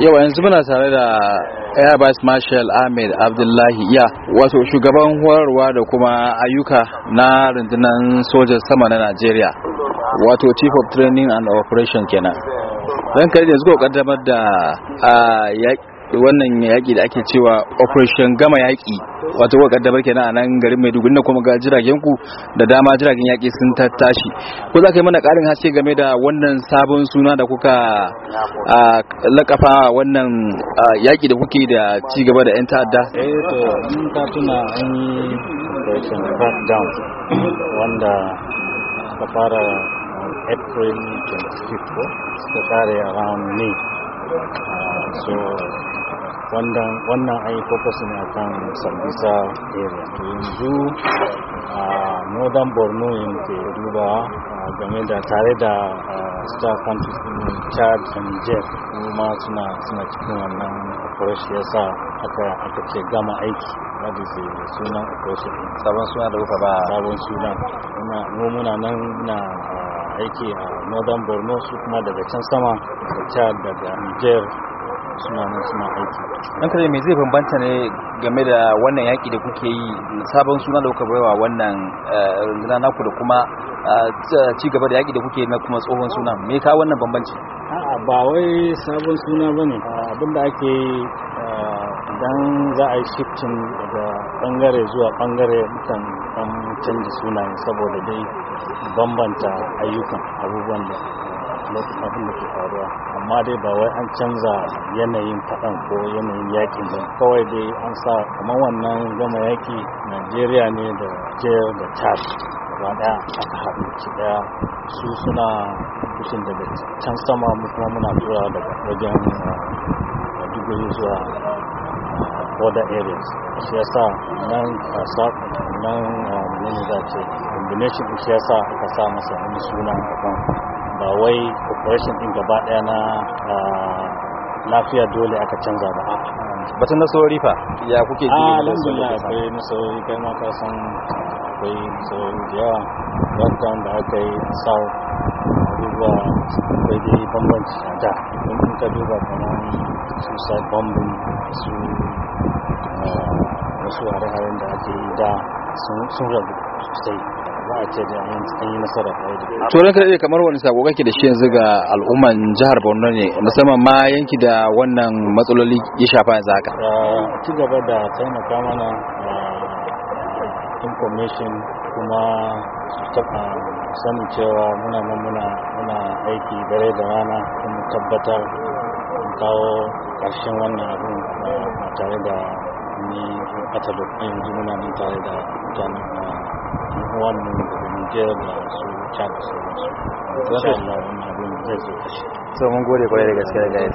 Yau yanzu muna tare da Air Marshal Ahmed Abdullahi iya wato shugaban horarwa da kuma ayyuka na rundunar sojan sama na Najeriya wato Chief of Training and Operation kenan. Don kare da ko kaddamar da ah, wannan yaƙi da ake cewa operation gama yaƙi wato ko kaddamar kenan a nan garin Maiduguri na kuma ga jiragen ku da dama jiragen yaƙi sun tattashi ko za ka yi mana ƙarin haske game da wannan sabon suna da kuka lakafa wannan yaƙi da kuke da ci gaba da 'yan ta'adda eh, to April 25 ko ah, so wannan an yi focus ne a kan sambisa area yanzu a northern borno yanke duba game da tare da star countries in chad da niger kuma suna suna cikin wannan operation yasa aka aka ce gama aiki wadda zai sunan operation sabon suna da kuka ba sabon suna muna nan na aiki a northern borno su kuma daga can sama da chad daga niger suna nan suna aiki dan kare me zai bambanta ne game da wannan yaƙi da kuke yi sabon suna da kuka baiwa wannan eh, rundunar naku da kuma eh, ci gaba da yaƙi da kuke na kuma tsohon suna me ka wannan bambanci a'a ba wai sabon suna ba bane abinda ake yi eh, dan za a yi shifting daga bangare zuwa bangare mukan dan canji sunayen saboda dai bambanta ayyukan abubuwan da lokacin abin da ke faruwa amma dai ba wai an canza yanayin faɗan ko yanayin yakin ba kawai dai an sa kamar wannan gama yaki najeriya ne da jiyar da chad gaba daya aka haɗu ci daya su suna da daga can sama mu muna tura daga wajen eh, maiduguri zuwa eh, border areas shi yasa nan kasa nan eh, ne za ce combination shi yasa aka sa masa wani suna a daban ba wai operation din gaba daya na ah, lafiya dole aka canza ba batun nasarori fa ya kuke ji ah, alhamdulillah akwai nasarori kai ma ka san akwai nasarori da yawa lockdown da aka yi sau abubuwa akwai da bambanci a da in ka duba kamar su sai bombing su ah, wasu hare-haren da ake yi da sun rabu sosai za a ce da an yi nasara kamar wani sako kake da shi yanzu ga al'umman jihar Borno ne musamman ma yanki da wannan matsaloli ya shafa yanzu haka ci gaba da taimaka mana ah, information kuma sanin cewa muna nan muna muna aiki dare da rana kuma tabbatar kawo ƙarshen wannan abin ah, tare da ne a yanzu muna nan tare da mutane wannan da da su chad da sauransu zai zo so mun gode kwarai da gaske da